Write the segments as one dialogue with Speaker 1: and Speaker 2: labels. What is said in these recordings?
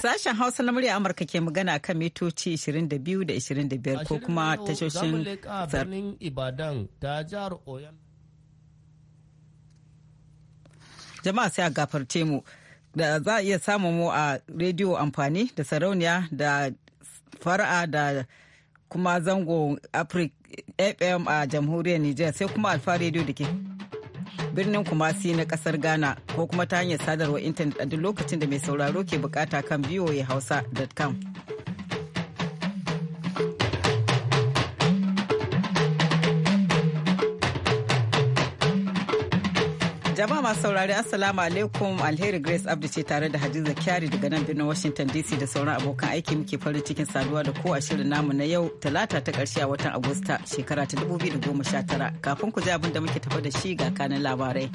Speaker 1: Sashen Hausa na murya Amurka ke magana kan mitoci 22 da 25 ko kuma tashoshin birnin
Speaker 2: ta jihar Oyan.
Speaker 1: Jama'a sai a gafarce mu da za a iya samun mu a rediyo amfani da sarauniya da fara'a da kuma zango Afrik FM a jamhuriyar Nijar sai kuma alfa rediyo da ke. birnin kumasi na kasar ghana ko kuma ta hanyar sadarwar intanet a duk lokacin da mai sauraro ke bukata kan voahausa.com. hausa.com jama'a masu saurari assalamu alaikum alheri grace abdu ce tare da hadiza kyari daga nan birnin washington dc da sauran abokan aiki muke farin cikin saduwa da ko a shirin namu na yau talata ta karshe a watan agusta shekara ta da goma sha tara kafin ku ji abin da muke tafi da shi ga kanin labarai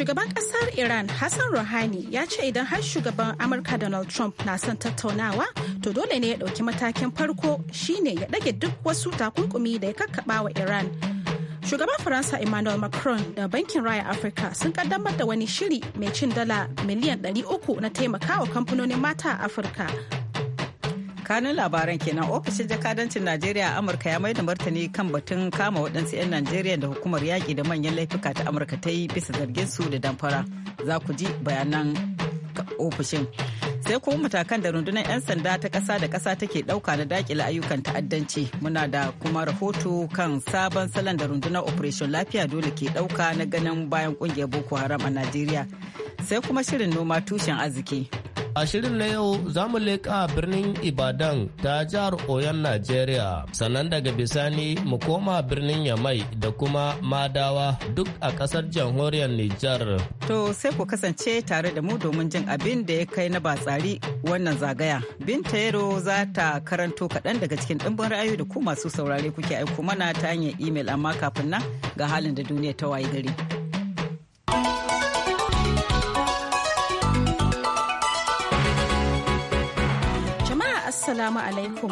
Speaker 3: shugaban kasar iran hassan rouhani ya ce idan har shugaban amurka donald trump na son tattaunawa to dole ne ya dauki matakin farko shine ya dage duk wasu takunkumi da ya kakkaba wa iran Shugaban Faransa Emmanuel Macron da Bankin Raya Afirka sun kaddamar da wani shiri mai cin dala miliyan 300 na taimakawa kamfanonin mata a Afirka
Speaker 1: kanun labaran kenan ofishin jakadancin najeriya a amurka ya mai da martani kan batun kama waɗansu 'yan najeriya da hukumar yaƙi da manyan laifuka ta amurka ta yi bisa zargin su da damfara za ku ji bayanan ofishin sai kuma matakan da rundunar 'yan sanda ta ƙasa da ƙasa take ɗauka na dakile ayyukan ta'addanci muna da kuma rahoto kan sabon salon da rundunar operation lafiya dole ke ɗauka na ganin bayan ƙungiyar boko haram a najeriya sai kuma
Speaker 2: shirin noma tushen arziki A shirin na yau za mu leƙa birnin Ibadan ta jihar Oyon Najeriya, sannan daga bisani mu koma birnin Yamai da kuma Madawa duk a ƙasar jamhuriyar Nijar. To sai ku
Speaker 1: kasance tare da mu domin jin abin da ya kai na batsari wannan zagaya. Binta Yaro za ta karanto kaɗan daga cikin ɗimbin ra'ayoyi da ku masu saurare kuke aiko mana ta hanyar imel amma kafin nan ga halin da duniya ta waye gari. Assalamu
Speaker 3: alaikum.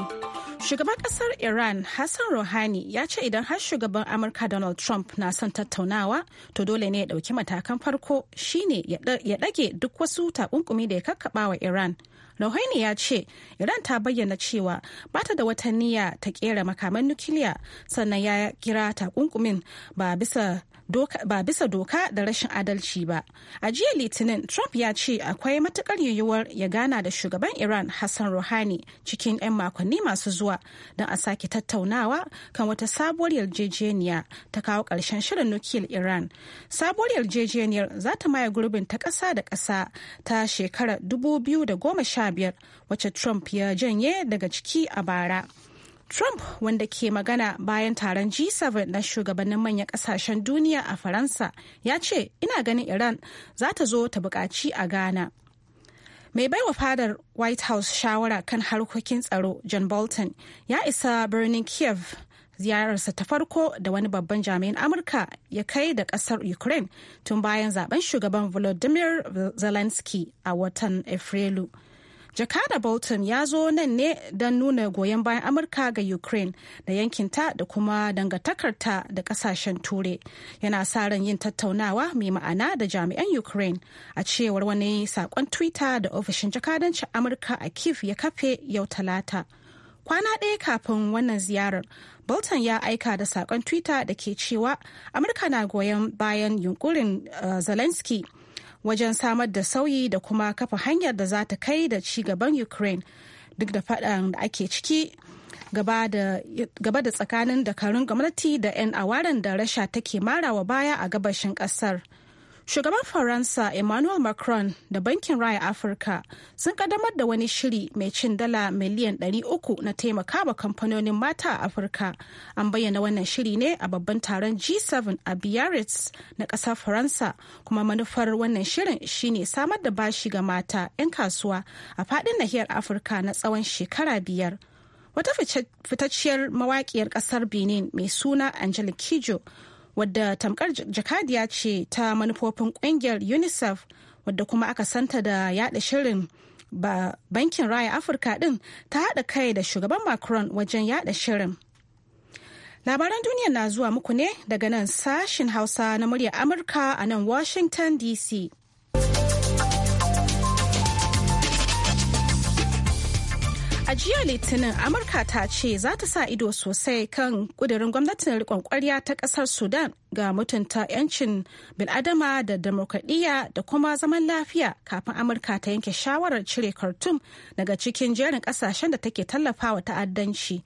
Speaker 3: Shugaban kasar Iran Hassan Rouhani ya ce idan har shugaban Amurka Donald Trump na son tattaunawa to dole ne ya ɗauki matakan farko shine ya ɗage duk wasu takunkumi da ya kakkaɓa wa Iran. Rouhani ya ce Iran ta bayyana cewa bata da wata niyya ta kera makaman nukiliya sannan ya kira takunkumin ba bisa ba bisa doka da rashin adalci ba. A jiya Litinin, Trump ya ce akwai matukar yiwuwar ya gana da shugaban Iran Hassan Rouhani cikin 'yan makonni masu zuwa don a sake tattaunawa kan wata sabuwar yarjejeniya ta kawo ƙarshen shirin nukiliyar Iran. Sabuwar yarjejeniyar za ta maye gurbin ta ƙasa da ƙasa ta shekarar 2015 wacce Trump ya janye daga ciki a bara. Trump wanda ke magana bayan taron G7 na shugabannin manyan kasashen duniya a Faransa ya ce ina ganin Iran za ta zo ta buƙaci a Ghana. Mai baiwa fadar White House shawara kan harkokin tsaro John Bolton ya isa birnin Kiev ziyararsa ta farko da wani babban jami'in Amurka ya kai da ƙasar Ukraine tun bayan zaben shugaban Volodymyr Zelensky a watan Afrilu. Jakada Bolton ya zo nan ne don nuna goyon bayan Amurka ga Ukraine da yankinta da kuma dangantakarta da kasashen Turai. Yana sa ran yin tattaunawa mai ma'ana da jami'an Ukraine a cewar wani sakon Twitter da ofishin jakadancin Amurka a Kiev ya kafe yau Talata. Kwana ɗaya kafin wannan ziyarar, Bolton ya aika da sakon Twitter da ke cewa Amurka na goyon bayan yunkurin uh, Zelensky wajen samar da sauyi da kuma kafa hanyar da za ta kai da ci gaban ukraine duk da faɗan da ake ciki gaba da tsakanin dakarun gwamnati da 'yan awaren da rasha take marawa baya a gabashin ƙasar. Shugaban Faransa Emmanuel Macron da Bankin Raya Afirka sun kaddamar da wani shiri mai cin dala miliyan 300 na taimakawa kamfanonin mata a Afirka. An bayyana wannan shiri ne a babban taron G7 a Biarritz na ƙasar Faransa kuma manufar wannan shirin shine samar da bashi ga mata 'yan kasuwa a faɗin nahiyar Afirka na tsawon shekara biyar. Wata fitacciyar mawaƙiyar ƙasar Benin mai suna Angelique Kijo wadda tamkar jakadiya ce ta manufofin kungiyar unicef wadda kuma aka santa da yada shirin ba bankin raya afirka din ta hada kai da shugaban macron wajen yada shirin labaran duniya na zuwa muku ne daga nan sashin hausa na murya amurka a nan washington dc A jiya Litinin Amurka ta ce za ta sa ido sosai kan kudirin gwamnatin rikon kwarya ta kasar Sudan ga mutunta 'yancin bil'adama da demokradiyya da kuma zaman lafiya kafin Amurka ta yanke shawarar cire Khartoum daga cikin jerin kasashen da take tallafawa ta'addanci.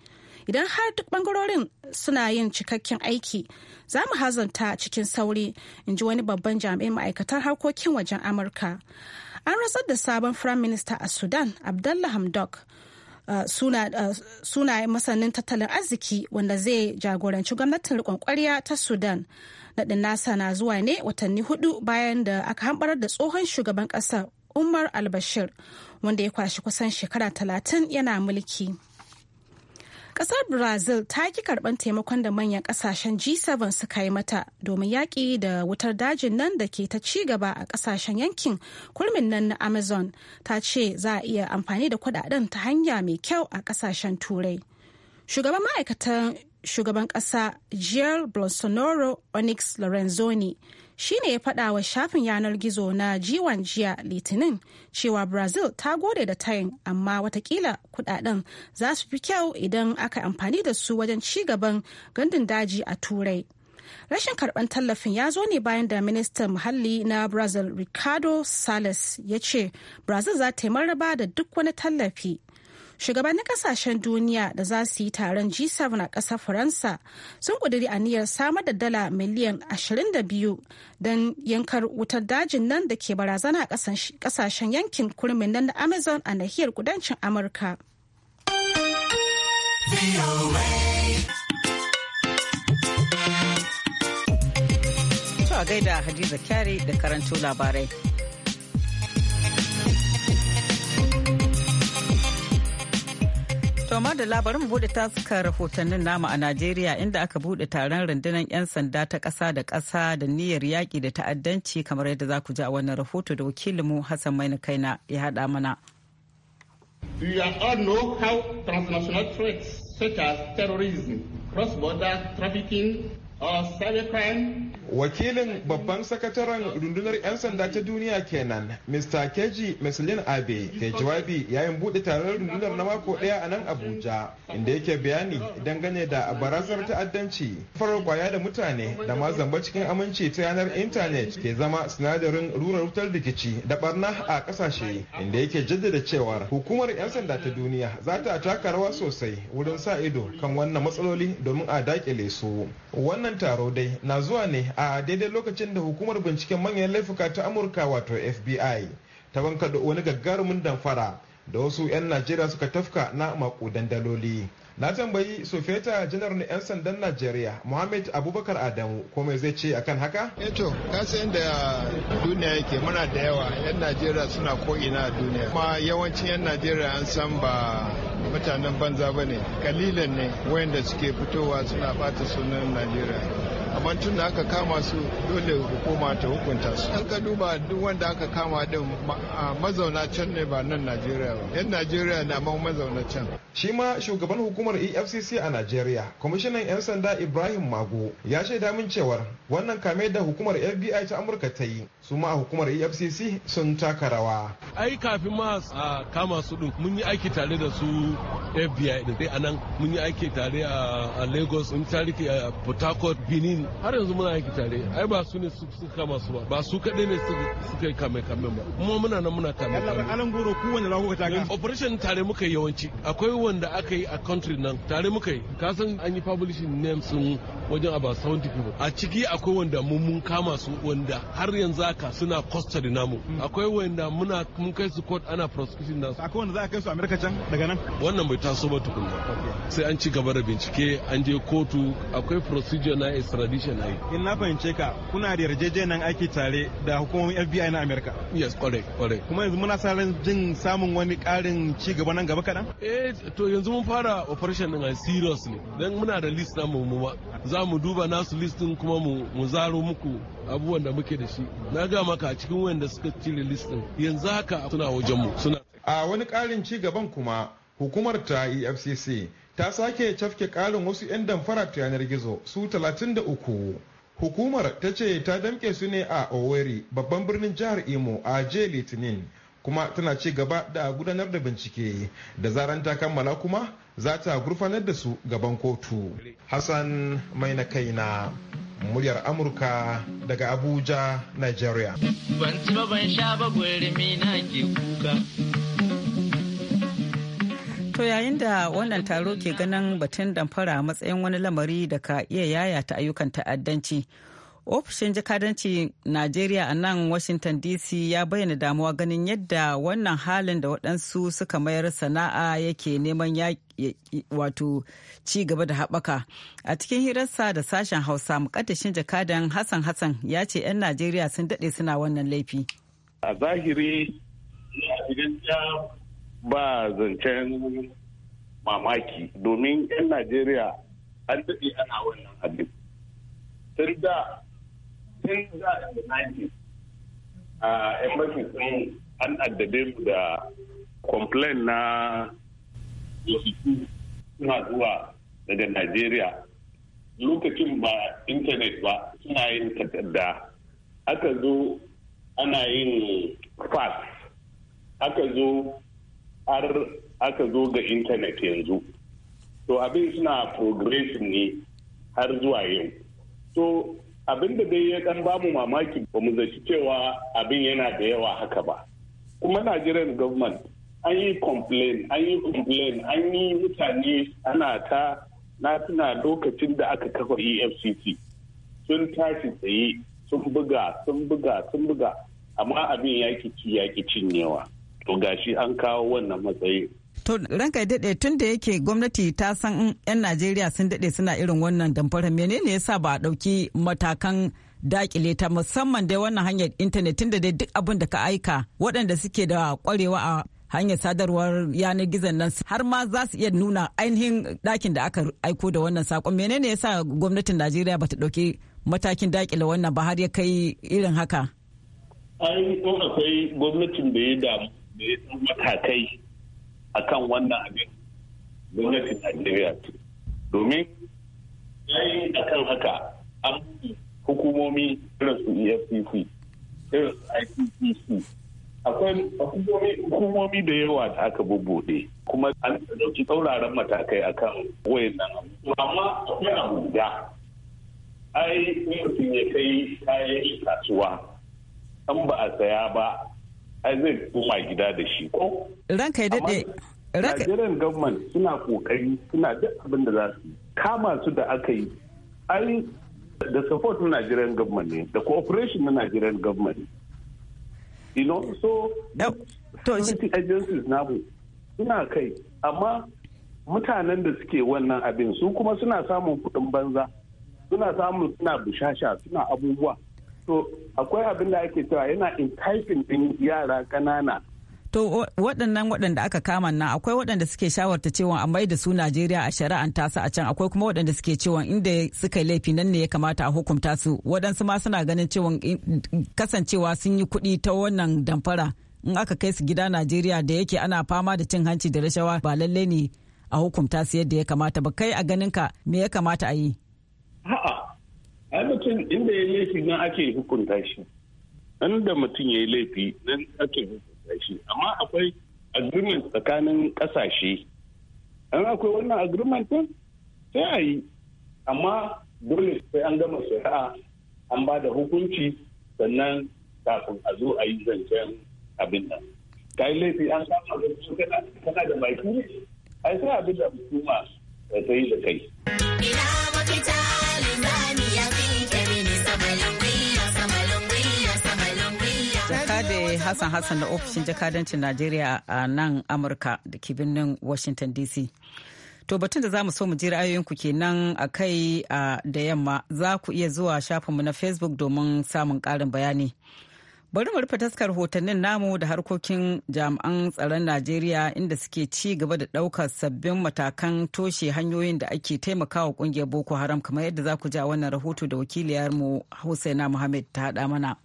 Speaker 3: Idan har duk bangarorin suna yin cikakken aiki, za mu hazanta cikin sauri, in ji wani babban jami'in ma'aikatar harkokin wajen Amurka. An rasar da sabon Firaminista a Sudan, Abdullah Hamdok. sunayen masanin tattalin arziki wanda zai jagoranci gwamnatin rikon ƙwarya ta sudan naɗin nasa na zuwa ne watanni hudu bayan da aka hambarar da tsohon shugaban ƙasar umar albashir wanda ya kwashi kusan shekara talatin yana mulki. Kasar Brazil ta ki karɓar taimakon da manyan kasashen G7 suka yi mata domin yaƙi da wutar dajin nan da ke ta ci gaba a kasashen yankin kurmin nan na Amazon ta ce za a iya amfani da kudaden ta hanya mai kyau a kasashen Turai. Shugaban ma'aikatan shugaban ƙasa Jair Bolsonaro Onyx Lorenzoni shi ne ya faɗa wa shafin yanar gizo na jiwon jiya litinin cewa brazil ta gode da tayin amma watakila kudaden za su fi kyau idan aka amfani da su wajen ci gaban gandun daji a turai rashin karban tallafin ya zo ne bayan da ministan muhalli na brazil ricardo sales ya ce brazil za ta yi maraba da duk wani tallafi shugabannin kasashen duniya da za su yi taron G7 a ƙasar Faransa sun ƙudiri niyyar samar da dala miliyan 22 don yankar wutar dajin nan da ke barazana a ƙasashen yankin kurmin nan da Amazon a nahiyar kudancin Amurka.
Speaker 1: gaida Hadiza Kyari da karanto labarai. To da labarin mu bude taskar rahotannin nama a Najeriya inda aka bude taron rundunar 'yan sanda ta ƙasa da ƙasa da niyyar yaƙi da ta'addanci kamar yadda za ku ji a wannan rahoto da wakilinmu Hassan Maina Kaina ya haɗa mana.
Speaker 4: You all know how
Speaker 5: transnational threats such as terrorism, cross-border trafficking,
Speaker 4: wakilin babban sakataren rundunar 'yan sanda ta duniya kenan mr keji meselin abe ke jawabi yayin buɗe taron rundunar na mako ɗaya a nan abuja inda yake bayani dangane da barazar ta'addanci farar kwaya da mutane da ma zamba cikin aminci ta yanar intanet ke zama sinadarin rurar wutar rikici da barna a ƙasashe, inda yake jaddada cewar hukumar 'yan sanda ta duniya za ta taka rawa sosai wurin sa ido kan wannan matsaloli domin a dakile su wannan wannan taro dai na zuwa ne a daidai lokacin da hukumar binciken manyan laifuka ta amurka wato fbi ta banka da wani gagarumin damfara da wasu 'yan najeriya suka tafka na makudan daloli na tambayi sofeta janar na 'yan sandan najeriya muhammad abubakar adamu ko mai zai ce akan haka eto eh kasa yadda duniya yake muna da yawa 'yan najeriya suna ko'ina a duniya kuma yawancin 'yan najeriya an san ba mutanen banza ba ne kalilan ne wayanda suke fitowa suna bata sunan najeriya amma tun da aka kama su dole hukuma ta hukunta su an ka duba duk wanda aka kama din mazauna can ne ba nan najeriya ba yan najeriya na ma mazauna can shi ma shugaban hukumar efcc a najeriya kwamishinan yan sanda ibrahim mago ya shaida min cewar wannan kame da hukumar fbi ta amurka ta yi su ma hukumar efcc sun taka rawa
Speaker 6: ai kafin ma a kama su din mun yi aiki tare da su fbi din a anan mun yi aiki tare a lagos mun tariki a port benin mu har yanzu muna aiki tare ai ba su ne suka masu su ba ba su kadai ne suka yi kame kame ba kuma muna nan muna kame kame alan goro ku wanda zaku ta ga operation tare muka yi yawanci akwai wanda aka yi a country nan tare muka yi ka san an yi publishing names sun wajen about 70 people a ciki akwai wanda mun mun kama su wanda har yanzu haka suna custody namu mm. akwai wanda muna mun kai su court ana prosecution nasu akwai wanda za a kai su America can daga nan wannan bai taso ba tukunna sai an ci gaba da bincike an je kotu akwai procedure na extradition tradition ai
Speaker 4: in na fahimce ka kuna da yarjejeniyar aiki tare da hukumomin FBI na Amerika
Speaker 6: yes correct, correct. kuma yanzu muna sa ran jin samun wani karin ci gaba nan gaba kadan eh to yanzu mun fara operation din ai serious ne dan muna da list na mu ba za mu duba nasu list din kuma mu mu zaro muku abubuwan da muke da shi na ga maka a cikin wayanda suka cire list din yanzu haka suna wajen mu suna a wani karin ci gaban kuma hukumar ta
Speaker 4: EFCC ta sake cafke ƙarin wasu 'yan damfara ta yanar gizo su 33 hukumar ta ce ta damƙe su ne a oweri babban birnin jihar imo a jiya litinin kuma tana ci gaba da gudanar da bincike da zaran ta kammala kuma za ta gurfanar da su gaban kotu hassan mai na kaina muryar amurka daga abuja nigeria
Speaker 2: ban ci ba ban sha ba na ke kuka
Speaker 1: To yayin da wannan taro ke ganin batun damfara a matsayin wani lamari da ka iya yayata ayyukan ta'addanci. Ofishin jakadanci Najeriya a nan Washington DC ya bayyana damuwa ganin yadda wannan halin da waɗansu suka mayar sana'a yake neman wato ci gaba da haɓaka. A cikin hirarsa da sashen Hausa mukaddashin jakadan Hassan Hassan ya ce 'yan Najeriya sun daɗe suna wannan laifi.
Speaker 7: A zahiri, idan ba zancen mamaki domin 'yan najeriya an daɗe ana wannan abin tun da tun da a embassy sun an addabe mu da complain na suna zuwa daga najeriya lokacin ba intanet ba suna yin takarda aka zo ana yin fax aka zo har aka zo ga intanet yanzu to abin suna progressive ne har zuwa yau to abin da dai ya dan bamu mamaki ba mu zaci cewa abin yana da yawa haka ba kuma nigerian government an yi complain an yi complain an yi mutane ana ta na tuna lokacin da aka kafa efcc sun tashi tsaye sun buga sun buga sun buga amma abin ya ci ya cinyewa to gashi an kawo wannan matsayi
Speaker 1: to ranka daɗe tun da yake gwamnati ta san 'yan najeriya sun daɗe suna irin wannan damfara menene yasa ba a ɗauki matakan dakile ta musamman da wannan hanyar intanet tun da dai duk abin da ka aika waɗanda suke da ƙwarewa a hanyar sadarwar yanar gizon nan har ma za su iya nuna ainihin ɗakin da aka aiko da wannan sakon menene yasa gwamnatin najeriya ba ta ɗauki matakin dakile wannan ba har ya kai irin haka
Speaker 7: ai akwai gwamnatin da ya damu da ya san matakai a kan wannan abin gwamnatin Najeriya domin yayin a kan haka an hukumomi irin su EFCC irin su ICCC akwai hukumomi da yawa da aka bubbuɗe kuma an ɗauki tsauraran matakai a kan akan wayannan amma akwai abu guda ai mutum ya kai kayan kasuwa an ba a saya ba ai zai koma gida da shi ko ranka daɗe Nigerian government suna kokari suna duk abin da za su kama su da aka yi ai da support na Nigerian government ne da cooperation na Nigerian government you know so to security agencies bu suna kai amma mutanen da suke wannan abin su kuma suna samun kuɗin banza suna samun suna bushasha suna abubuwa to akwai abin da ake cewa yana enticing din yara kanana
Speaker 1: To waɗannan waɗanda aka kama na akwai waɗanda suke shawarta cewa a mai da su Najeriya a shari'anta su a can akwai kuma waɗanda suke cewa inda suka yi laifi nan ne ya kamata a hukunta su waɗansu ma suna ganin cewa kasancewa sun yi kuɗi ta wannan damfara in aka kai su gida Najeriya da yake ana fama da cin hanci da rashawa ba lalle ne a hukunta su yadda ya kamata ba kai a ganin ka me ya kamata a yi.
Speaker 7: ai mutum inda ya laifi nan ake hukunta shi nan da mutum ya yi laifi nan ake hukunta shi amma akwai agreement tsakanin kasashe an akwai wannan agreement din sai a yi amma dole sai an gama shari'a an ba da hukunci sannan kafin a zo a yi zancen abin nan ka yi laifi an kama da kana da baki ne ai sai abin da hukuma ta yi da kai
Speaker 8: ina mafita da
Speaker 1: Hassan Hassan da ofishin jakadancin Najeriya a nan Amurka da ke birnin Washington DC. To batun da za mu so mu ji ra'ayoyinku kenan a kai da yamma za ku iya zuwa shafinmu na Facebook domin samun ƙarin bayani. Bari mu rufe taskar hotannin namu da harkokin jami'an tsaron Najeriya inda suke ci gaba da ɗaukar sabbin matakan toshe hanyoyin da ake taimakawa ƙungiyar Boko Haram kamar yadda za ku ja a wannan rahoto da wakiliyarmu
Speaker 8: hussaina Muhammad ta haɗa mana.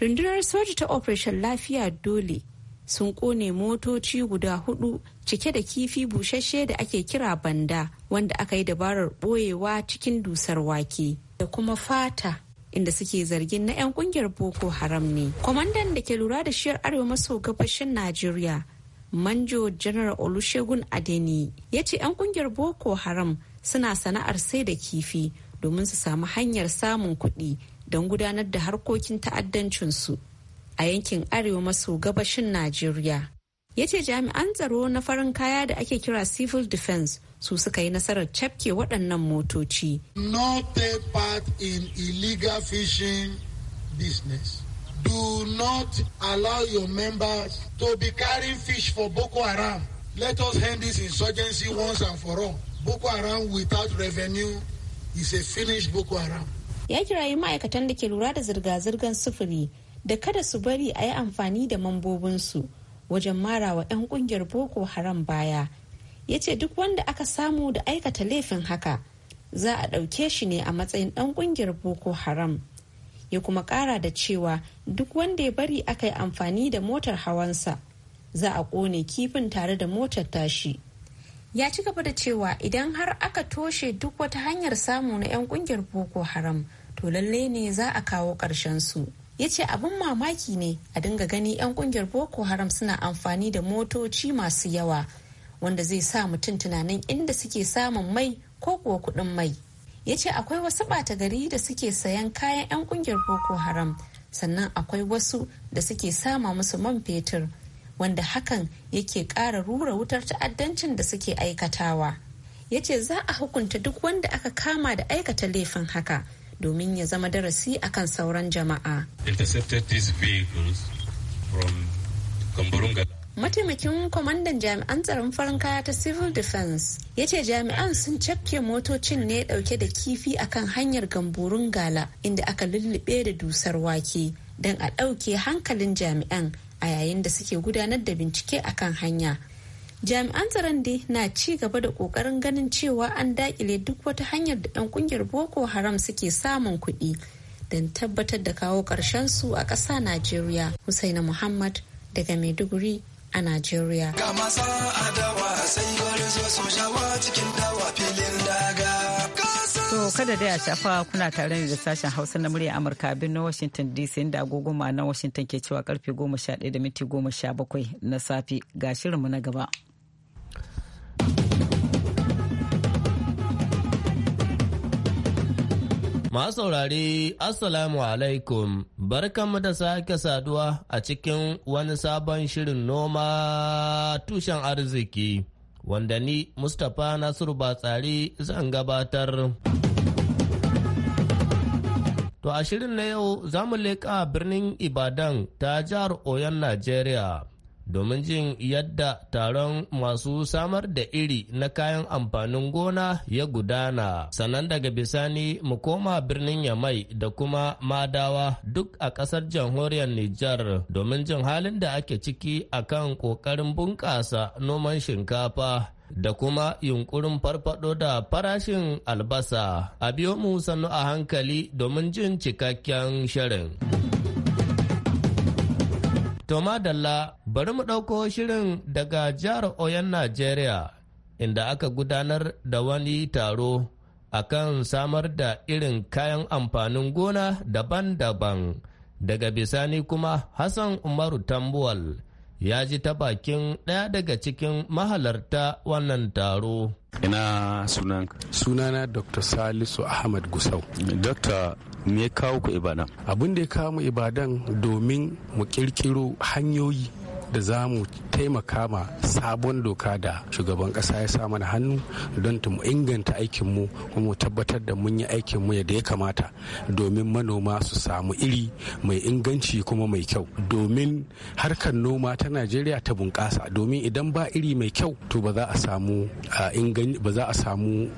Speaker 8: rundunar soja ta operation lafiya dole sun kone motoci guda hudu cike da kifi busasshe da ake kira banda wanda aka yi dabarar boyewa cikin dusar wake da kuma fata inda suke zargin na 'yan kungiyar boko haram ne kwamandan da ke lura da shiyar arewa maso gabashin najeriya manjo general olusegun adeni ya ce 'yan kungiyar boko haram suna sana'ar sai da kifi domin su samu hanyar samun kuɗi don gudanar da harkokin ta'addancinsu a yankin arewa maso gabashin najeriya ya ce jami'an tsaro na farin kaya da ake kira civil defense su suka yi nasarar cafke waɗannan motoci
Speaker 5: no take part in illegal fishing business do not allow your members to be carrying fish for boko haram let us end this insurgency once and for all boko haram without revenue is a finished boko haram
Speaker 8: ya kirayi ma'aikatan da ke lura da zirga-zirgar sufuri da kada su bari a yi amfani da mambobinsu wajen marawa 'yan kungiyar boko haram baya ya ce duk wanda aka samu da aikata laifin haka za a ɗauke shi ne a matsayin ɗan kungiyar boko haram ya kuma ƙara da cewa duk wanda ya bari aka yi amfani da motar hawansa za a ƙone kifin tare da motar tashi ya ci gaba da cewa idan har aka toshe duk wata hanyar samu na 'yan kungiyar boko haram to lalle ne za a kawo ƙarshen su. ya ce abin mamaki ne a dinga gani 'yan kungiyar boko haram suna amfani da motoci masu yawa wanda zai sa mutum tunanin inda suke samun mai ko kuwa kuɗin mai ya ce akwai wasu ɓata gari da suke sayan kayan 'yan kungiyar boko haram sannan akwai wasu da suke sama musu man fetur wanda hakan yake ƙara rura wutar ta'addancin da suke aikatawa ya ce za a hukunta duk wanda aka kama da aikata laifin haka domin ya zama darasi akan sauran jama'a. Mataimakin kwamandan jami'an tsaron farin kaya ta Civil Defense ya ce jami'an sun cafke motocin ne dauke da kifi akan hanyar gamburun gala inda aka lullube da dusar wake don a ɗauke hankalin jami'an a yayin da suke gudanar da bincike akan hanya jami'an tsaron dai na ci gaba da kokarin ganin cewa an dakile duk wata hanyar da 'yan kungiyar boko haram suke samun kuɗi don tabbatar da kawo ƙarshen su a ƙasa najeriya husaina muhammad daga maiduguri a najeriya
Speaker 1: To kada da a shafa kuna tare da sashen Hausa na murya Amurka birnin Washington DC inda agogo na Washington ke cewa karfe 11 da minti 17 na safe ga shirinmu na gaba.
Speaker 2: Masu saurare, Assalamu alaikum, barkanmu da sake saduwa a cikin wani sabon shirin noma tushen arziki, wanda ni Mustapha Nasiru Batsari zan gabatar. To a shirin na yau za mu leƙa birnin Ibadan ta jihar Oyon Najeriya. domin jin yadda taron masu samar da iri na kayan amfanin gona ya gudana sannan daga bisani mu koma birnin yamai da kuma madawa duk a kasar jamhuriyar Nijar domin jin halin da ake ciki a kan ƙoƙarin bunƙasa noman shinkafa da kuma yunkurin farfado da farashin albasa a biyo mu sannu a hankali domin jin cikakken shirin. To Dalla bari mu ɗauko shirin daga jihar Oyon Najeriya inda aka gudanar da wani taro akan samar da irin kayan amfanin gona daban-daban daga bisani kuma Hassan Umaru Tambuwal. ya ji ta bakin ɗaya daga cikin mahalarta wannan taro.
Speaker 9: Ina sunan. Sunana Dr. Salisu Ahmad Gusau. Dr. me kawo ku ibadan abin da ya kawo mu ibadan domin mu kirkiro hanyoyi da za mu taimaka ma sabon doka da shugaban kasa ya sa mana hannu don ta mu inganta aikinmu kuma mu tabbatar da mun yi aikinmu yadda ya kamata domin manoma su samu iri mai inganci kuma mai kyau domin harkar noma ta najeriya ta bunƙasa domin idan ba iri mai kyau to ba za a samu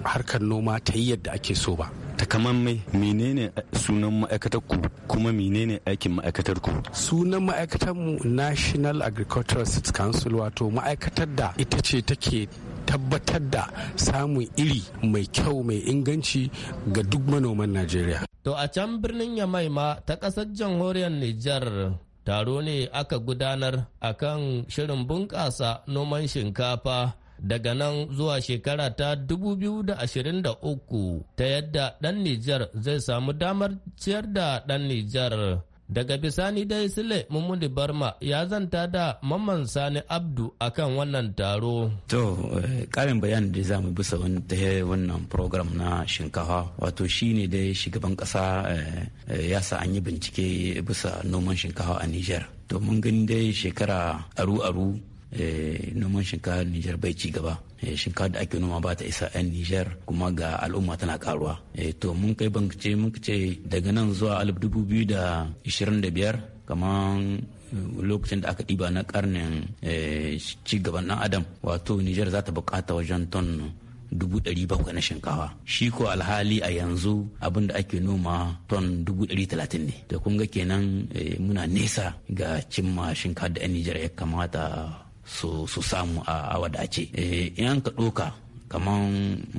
Speaker 9: harkar noma ta yi yadda ake so ba takamammai menene sunan ma'aikatar ku kuma menene aikin ma'aikatar ku sunan ma'aikatar mu national agricultural Seeds council wato ma'aikatar da ita ce take tabbatar da samun iri mai kyau mai inganci ga duk manoman najeriya
Speaker 2: to a can birnin yamaima ta kasar jamhuriyar niger taro ne aka gudanar akan shirin bunƙasa noman shinkafa daga nan zuwa shekara ta 2023 ta yadda ɗan Nijar zai samu damar ciyar da ɗan Nijar. Daga bisani dai Sule Mummuni Barma ya zanta da Mamman Sani Abdu akan wannan taro. To, karin eh, bayan da za mu bisa
Speaker 10: wannan program na shinkafa wato shi ne dai shugaban kasa eh, eh, ya sa an yi bincike bisa noman shinkafa a Nijar. To, mun gani dai shekara aru-aru Eh, noman shinkafa Nijar bai ci gaba eh, shinkafa da ake noma ba ta isa 'yan Nijar kuma ga al'umma tana karuwa eh, to mun kai bankace mun ce daga nan zuwa 2025 kamar lokacin da aka ɗiba na karnin ci gaban ɗan adam wato Nijar za ta bukata wajen ton dubu ɗari bakwai na shinkawa shi ko alhali a yanzu abin da ake noma ton dubu ɗari talatin ne da kun ga kenan muna nesa ga cimma shinkafa da yan nijar ya kamata su samu a wadace eh, in ka ɗoka kamar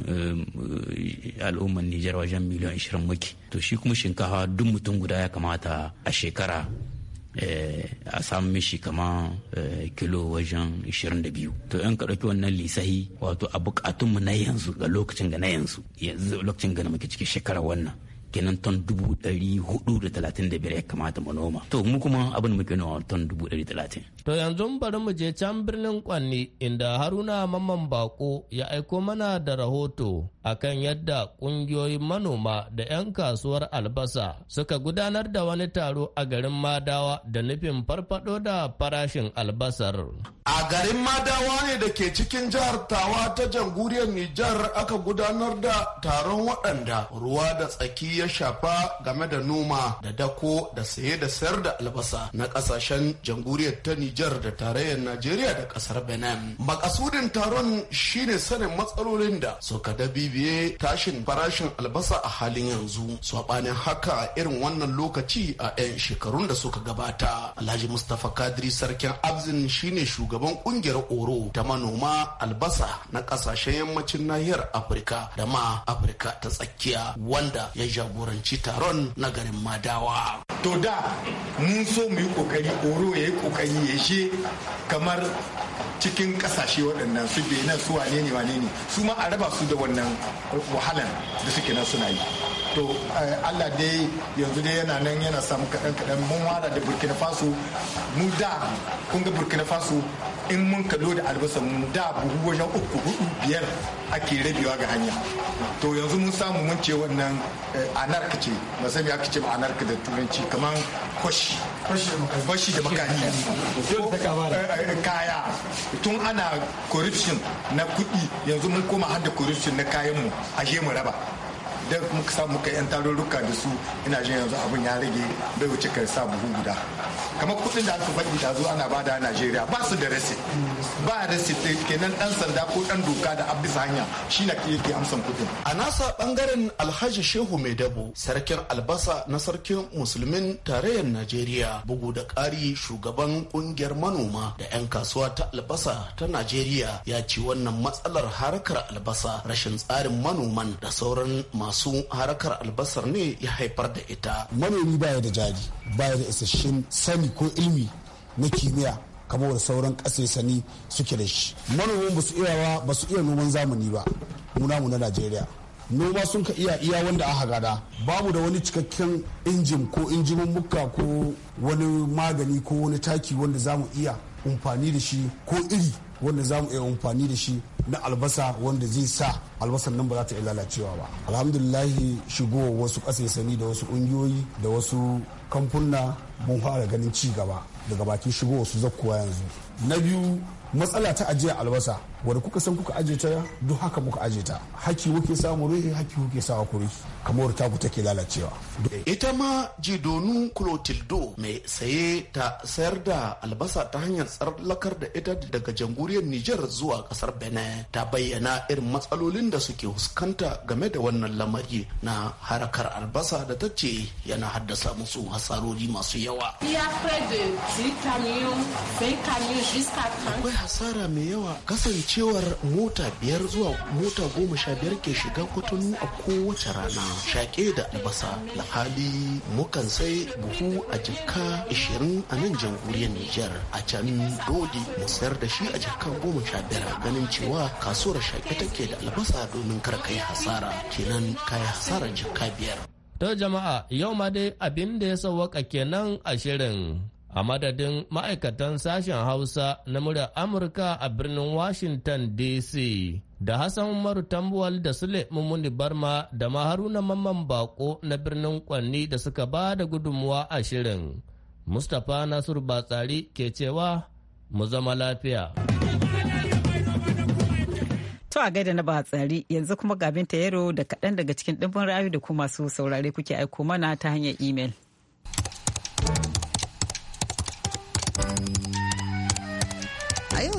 Speaker 10: eh, al'ummar nijar wajen miliyan 20 muke to shi kuma shinkafa duk mutum guda ya kamata a shekara eh, a samu mishi kamar kilo wajen 22 to yan ka ɗauki wannan lisahi wato a bukatunmu na yanzu ga lokacin ga na yanzu yanzu lokacin ga na muke cikin shekarar wannan kenan ton dubu dari hudu da talatin da biyar ya kamata mu noma to mu kuma abin muke noma ton dubu dari talatin.
Speaker 2: to yanzu bari mu je can birnin kwanni inda haruna mamman bako ya aiko mana da rahoto akan yadda ƙungiyoyin manoma da 'yan kasuwar albasa suka gudanar da wani taro a garin madawa da nufin farfado da farashin albasar
Speaker 5: a garin madawa ne da ke cikin jihar tawa ta jamhuriyar nijar aka gudanar da taron waɗanda ruwa da tsakiya ya shafa game da noma da dako da saye da sayar da albasa na kasashen jamhuriyar ta Nijar da tarayyar Najeriya da kasar Benin. Makasudin taron shine sanin matsalolin da suka da bibiye tashin farashin albasa a halin yanzu. Sabanin haka irin wannan lokaci a 'yan shekarun da suka gabata. Alhaji Mustapha Kadri Sarkin Abzin shine shugaban kungiyar Oro ta manoma albasa na kasashen yammacin nahiyar Afirka da ma Afirka ta tsakiya wanda ya jago jagoranci taron na garin madawa to da mun so mu yi kokari oro ya yi kokari ya she kamar cikin kasashe waɗannan su benin su wane ne wane ne su ma a raba su da wannan wahalan da suke nan suna yi to eh, allah dai yanzu dai yana nan yana samu kaɗan kaɗan mun wada da burkina faso mu da kun ga burkina faso in mun kallo da albasa mu da buhu wajen uku hudu biyar ake rabewa ga hanya to yanzu mun samu mun ce wannan eh, anarka ce musamman ya ce anarka da turanci kamar kwashi bashi da makani eh, eh, kaya tun ana corruption na kuɗi yanzu mun koma hada da corruption na kayan mu a mu raba da muka samu kai yan tarurruka da su ina jin yanzu abun ya rage bai wuce kai sa buhu guda kamar kudin da aka faɗi ta zo ana bada a Najeriya ba su da rasit ba rasit kenan dan sanda ko dan doka da abisa hanya shi na yake amsan kudin. a nasa bangaren Alhaji Shehu Mai sarkin albasa na sarkin musulmin tarayyar Najeriya bugu da ƙari shugaban kungiyar manoma da 'yan kasuwa ta albasa ta Najeriya ya ci wannan matsalar harkar albasa rashin tsarin manoman da sauran masu su harakar albasar ne ya haifar da ita manomi baya da jari baya da isasshen sani ko ilmi na kimiyya kamar sauran sani suke da shi manoman basu iya ba su iya noman zamani ba muna mu na najeriya noma sun ka iya iya wanda aka gada babu da wani cikakken injin ko injimin muka ko wani magani ko wani taki wanda zamu iya amfani da shi ko iri wanda za mu iya amfani da shi na albasa wanda zai sa albasan nan ba za ta iya lalacewa ba alhamdulillahi shigowa wasu kasasani da wasu ƙungiyoyi da wasu kamfuna mun fara ganin ci gaba daga bakin shigowa su zakkuwa yanzu na biyu matsala ta ajiyar albasa wanda kuka san kuka aje ta duk haka muka aje ta haki kuke samu ruhi haki kuke sawa kuri kamar ta ku take lalacewa ita ma jidonu clotildo mai saye ta sayar da albasa ta hanyar tsallakar da ita daga jamhuriyar niger zuwa kasar benin ta bayyana irin matsalolin da suke fuskanta game da wannan lamari na harakar albasa da ta ce yana haddasa musu hasarori masu yawa akwai hasara mai yawa kasance cewar mota biyar zuwa mota goma sha biyar ke shiga kutun a kowace rana shaƙe da albasa lahali mukan sai buhu a jikka ashirin a nan jamhuriyar Nijar a can dodi mu sayar da shi a jikka goma sha biyar ganin cewa kasuwar shaƙe take da albasa domin kar kai hasara kenan kai hasara jikka biyar.
Speaker 2: To jama'a yau ma dai abin da ya sauwaka kenan a shirin a madadin ma'aikatan sashen Hausa na murar Amurka a birnin Washington DC da Hassan Umaru Tambuwal da Sule mummuni Barma da ma Haruna Mamman Bako na birnin Kwanni da suka ba da gudunmuwa a shirin. Mustapha Nasiru Batsari ke cewa mu zama lafiya.
Speaker 1: To a gaida na Batsari yanzu kuma gabin ta yaro da kaɗan daga cikin ɗimbin rayu da kuma masu saurare kuke aiko mana ta hanyar imel.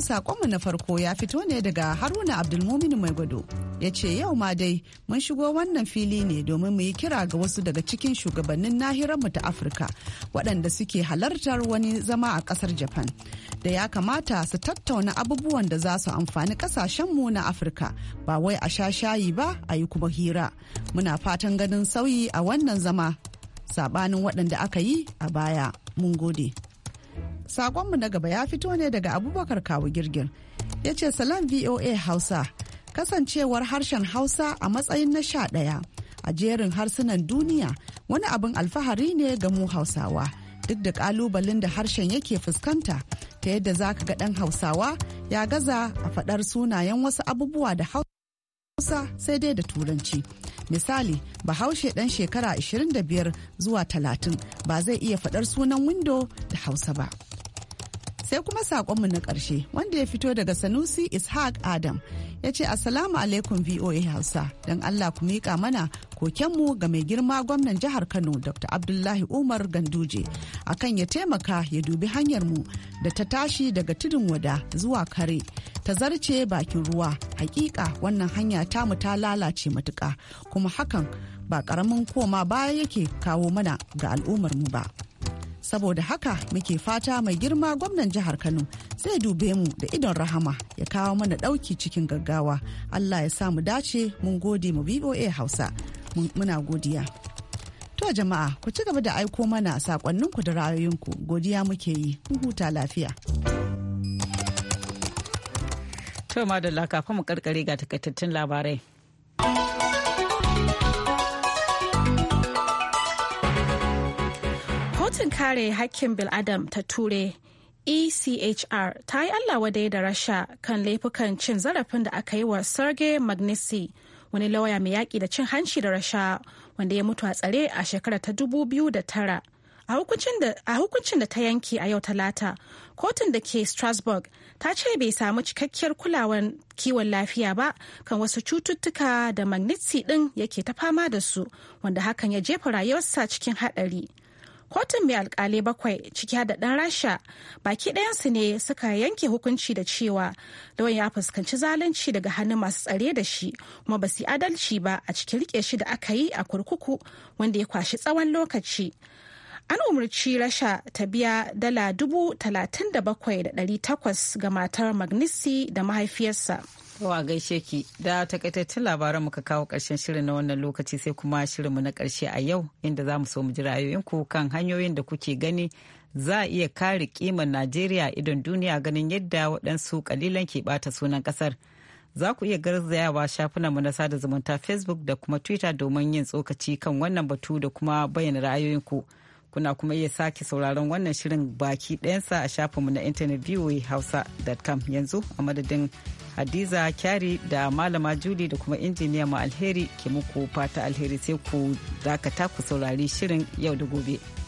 Speaker 11: sakonmu na farko ya fito ne daga Haruna Abdulmumin mai gwado. Ya ce yau ma dai mun shigo wannan fili ne domin mu yi kira ga wasu daga cikin shugabannin nahiyarmu ta Afirka waɗanda suke halartar wani zama a ƙasar Japan. Da ya kamata su tattauna abubuwan da za su amfani ƙasashenmu na Afirka ba wai a sha shayi ba a yi kuma hira. Muna fatan ganin sauyi a wannan zama sabanin waɗanda aka yi a baya. Mun gode. Sakonmu na gaba ya fito ne daga Abubakar Kawu Girgir. Ya ce salam VOA Hausa, kasancewar harshen Hausa a matsayin na sha ɗaya a jerin harsunan duniya wani abin alfahari ne ga mu Hausawa. Duk da ƙalubalen da harshen yake fuskanta ta yadda za ka ga ɗan Hausawa ya gaza a faɗar sunayen wasu abubuwa da Hausa sai dai da Turanci. misali bahaushe dan shekara 25 zuwa 30 ba zai iya faɗar sunan windo da hausa ba. sai kuma saƙonmu na ƙarshe wanda ya fito daga sanusi ishaq adam ya ce assalamu alaikum voa hausa don allah ku miƙa mana kokenmu ga mai girma gwamnan jihar kano dr abdullahi umar ganduje akan ya taimaka ya dubi hanyar mu da ta tashi daga tudun wada zuwa kare ta zarce bakin ruwa hakika wannan hanya ta mu ta lalace matuka kuma hakan ba ƙaramin koma baya yake kawo mana ga al'ummar mu ba saboda haka muke fata mai girma gwamnan jihar kano zai dube mu da idon rahama ya kawo mana ɗauki cikin gaggawa allah ya sa mu dace mun gode mu boa hausa muna godiya to jama'a ku ci gaba da aiko mana sakonninku da ra'ayoyinku godiya muke yi huta lafiya to
Speaker 1: madalla kafin mu karkare ga takaitattun labarai
Speaker 3: kotun kare hakkin bil'adam ta ture echr ta yi allah wadai da rasha kan laifukan cin zarafin da aka yi wa sergei magnisi wani lauya mai yaƙi da cin hanci da rasha wanda ya mutu a tsare a shekarar ta 2009 a hukuncin da ta yanki a yau talata kotun da ke strasbourg ta ce bai samu cikakkiyar kulawar kiwon lafiya ba kan wasu cututtuka da magnitsi ɗin yake ta fama da su wanda hakan ya jefa rayuwarsa cikin haɗari. kotun mai alkalai bakwai ciki da ɗan rasha baki ɗayansu ne suka yanke hukunci da cewa lawan ya fuskanci zalunci daga hannun masu tsare da shi kuma ba su adalci ba a cikin rike shi da aka yi a kurkuku wanda ya kwashi tsawon lokaci an umarci rasha ta biya dala dubu talatin da bakwai da ɗari takwas ga matar magnisi da mahaifiyarsa
Speaker 1: wa gaishe ki da takaitattun labaran muka kawo ƙarshen shirin na wannan lokaci sai kuma shirinmu na karshe a yau inda za mu so mu ji ra'ayoyinku kan hanyoyin da kuke gani za a iya kare kimar Najeriya idon duniya ganin yadda waɗansu kalilan ke bata sunan ƙasar. Za ku iya garzayawa shafunan mu na sada zumunta Facebook da kuma Twitter domin yin tsokaci kan wannan batu da kuma bayyana ra'ayoyinku. ku. kuna kuma iya sake sauraron wannan shirin baki ɗayansa a shafinmu na intanet hausa.com yanzu a madadin hadiza kyari da malama juli da kuma injiniya mu alheri ke muku fata alheri sai ku dakata ku saurari shirin yau da gobe.